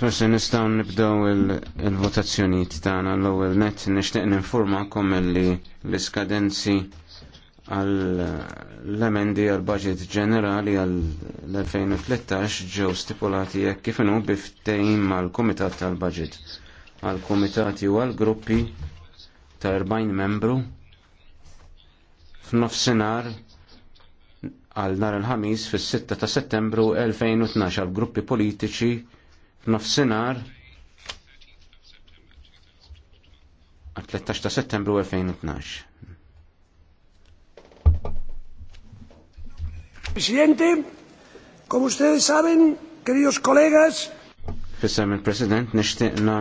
Forse nistaw nibdew il-votazzjonijiet tagħna l-ewwel net nixtieq ninformakom li l-iskadenzi għall-emendi għal budget ġenerali għall-2013 ġew stipulati jekk kif inhu biftejn mal-Kumitat tal-Budget għal kumitati u għal gruppi ta' 40 membru f'nofsinhar għal nar il-ħamis fis-6 ta' Settembru 2012 għal gruppi politiċi nofsinar għal 13 ta' settembru 2012. Presidente, come ustedes saben, queridos colegas, Fissem il-President, nishtiqna